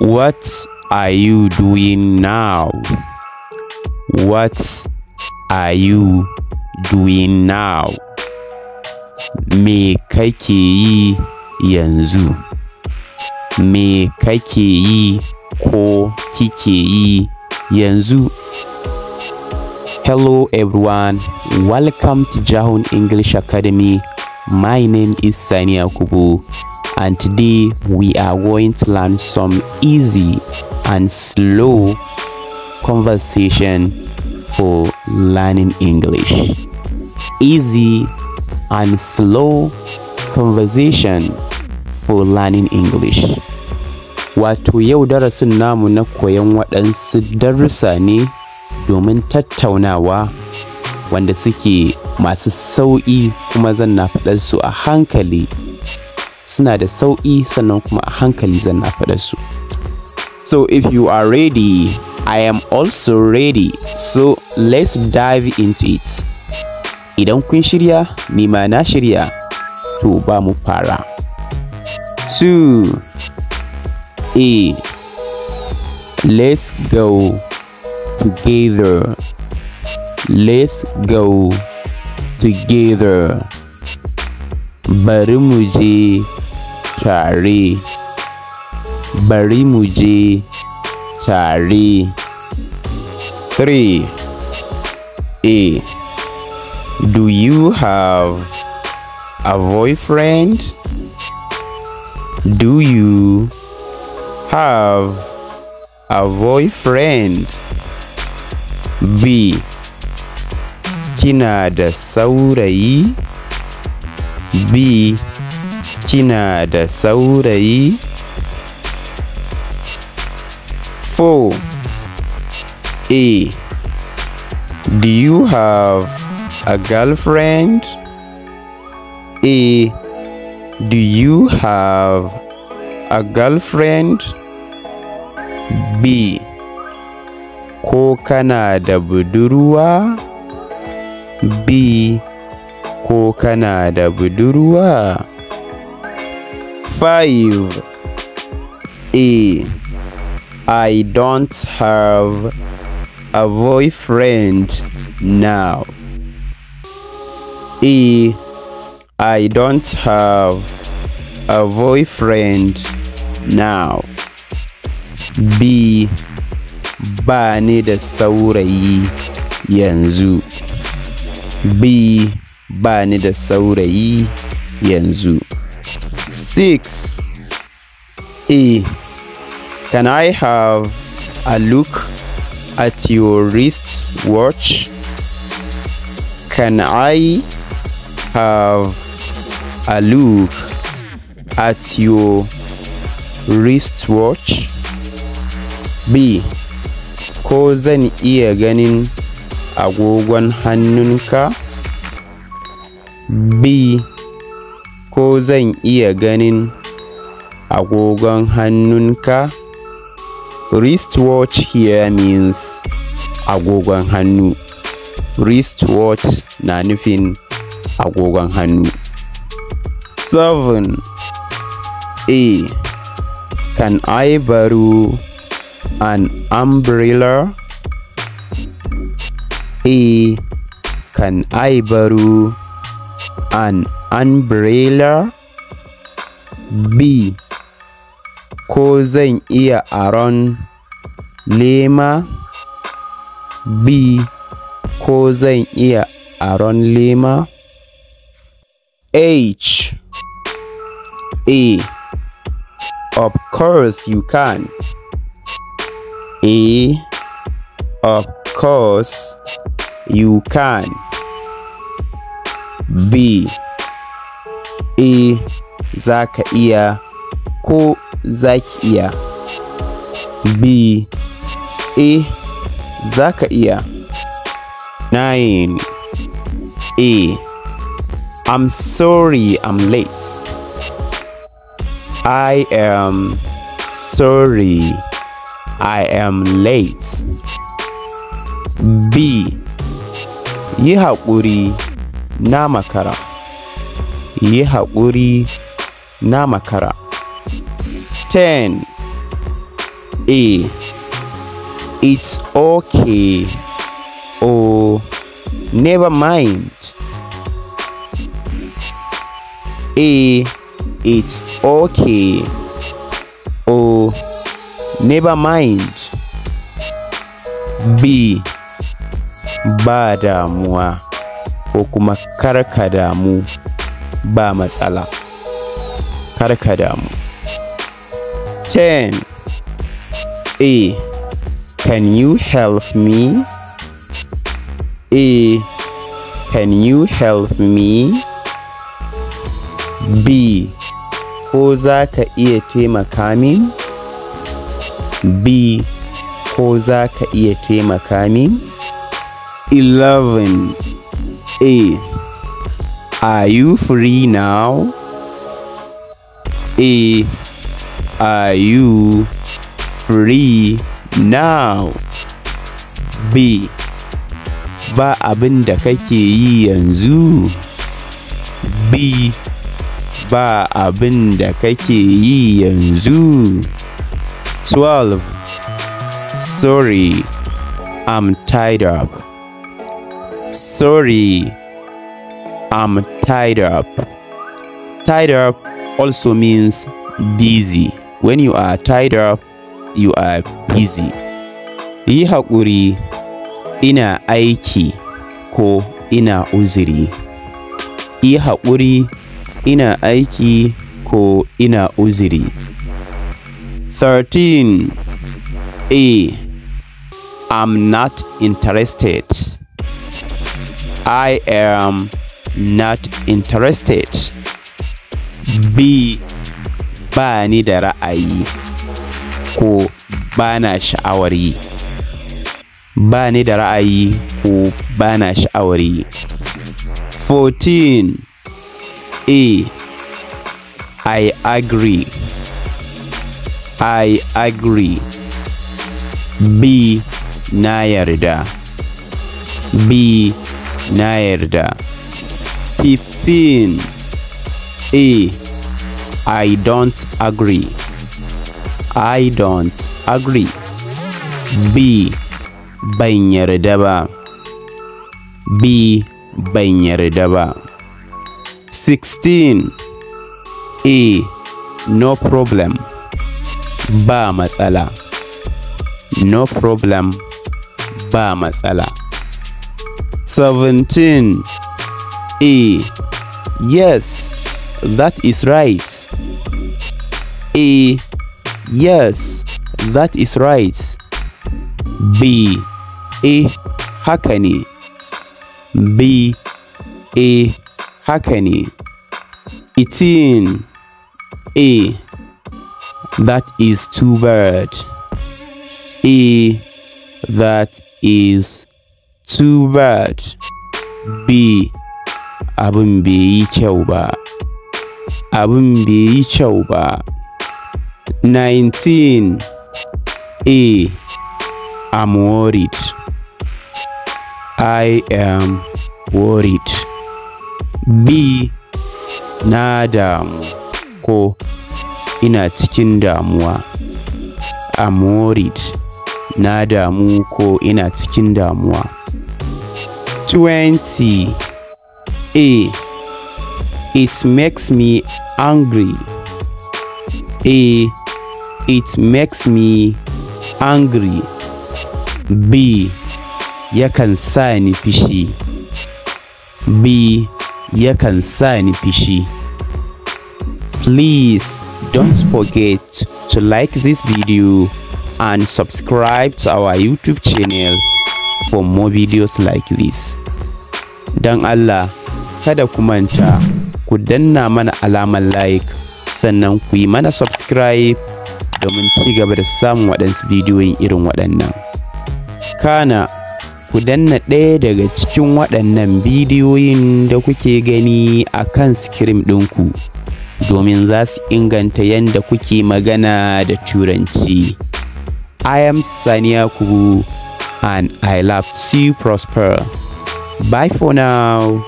What are you doing now? What are you doing now? Me kake yi yanzu? Me kake yi ko kike yi yanzu? Hello everyone, welcome to Jahun English Academy. My name is Sania Kubu. and today we are going to learn some easy and slow conversation for learning English. Easy and slow conversation for learning English. Wato yau darasin namu na koyon waɗansu darussa ne domin tattaunawa wanda suke masu sauƙi kuma zan na faɗarsu a hankali suna da sauƙi sannan kuma a hankali zan na faɗa su so if you are ready i am also ready so let's dive into it idan kun shirya ma na shirya to ba mu fara 2 a let's go together let's go together bari mu je tare bari mu je 3 a do you have a boyfriend do you have a boyfriend b kina da b kina da saurayi? 4. A. Do you have a girlfriend? A. Do you have a girlfriend? B. Ko kana da budurwa? B. Ko kana da budurwa? 5 A I don't have a boyfriend now. E I don't have a boyfriend now. B ba ni da saurayi yanzu. B ba ni da saurayi yanzu six e can i have a look at your wrist watch can i have a look at your wrist watch b ko zan iya ganin agogon hannunka b ko zan iya ganin agogon hannunka? Wristwatch here means agogon hannu. Wristwatch na nufin agogon hannu. 7. A. Can I borrow an umbrella? A. Can I borrow an umbrella b ko zan iya aron lema b ko zan iya aron lema h a of course you can a of course you can b eh za ka iya ko za ki iya b eh za ka iya 9 a i'm sorry i'm late i am sorry i am late b yi haƙuri na makara yi haƙuri na makara. 10. A. It's okay or never mind. A. It's okay or never mind. B. Ba damuwa ko kuma karka damu. ba matsala kar ka damu 10 a can you help me a can you help me b ko za ka iya taimaka min b ko za ka iya taimaka min 11 a Are you free now? A. Are you free now? B. Ba abin da kake yi yanzu? B. Ba abin da kake yi yanzu? 12. Sorry, I'm tied up. Sorry. i am tied up. Tied up also means busy. When you are tied up, you are busy. Yi haƙuri, ina aiki ko ina uzuri. Yi haƙuri, ina aiki ko ina uzuri. 13. A. I'm not interested. I am not interested b ba ni da ra'ayi ko ba na sha'awar yi ba ni da ra'ayi ko ba na sha'awar yi 14 a i agree i agree b na yarda b na yarda 15 A I don't agree I don't agree B ban daba. B ban daba. 16 A no problem ba matsala no problem ba matsala 17 a. Yes, that is right. A. Yes, that is right. B. A. Hakani. B. A. Hakani. 18. A. That is too bad. A. That is too bad. B. abin bai yi kyau ba abin bai yi kyau ba 19 a i'm worried i am worried b na damu ko ina cikin damuwa i'm worried na damu ko ina cikin damuwa 20 A. It makes me angry. A. It makes me angry. B. Yakan sa ni fishi. B. Yakan sa ni fishi. Please don't forget to like this video and subscribe to our YouTube channel for more videos like this. Dan Allah kada ku manta ku danna mana alamar like sannan ku yi mana subscribe domin ci gaba da samun waɗansu bidiyoyin irin waɗannan kana ku danna ɗaya daga cikin waɗannan bidiyoyin da kuke gani a kan skirim ɗinku domin za su inganta yadda kuke magana da turanci i am saniya kubu and i love to prosper bye for now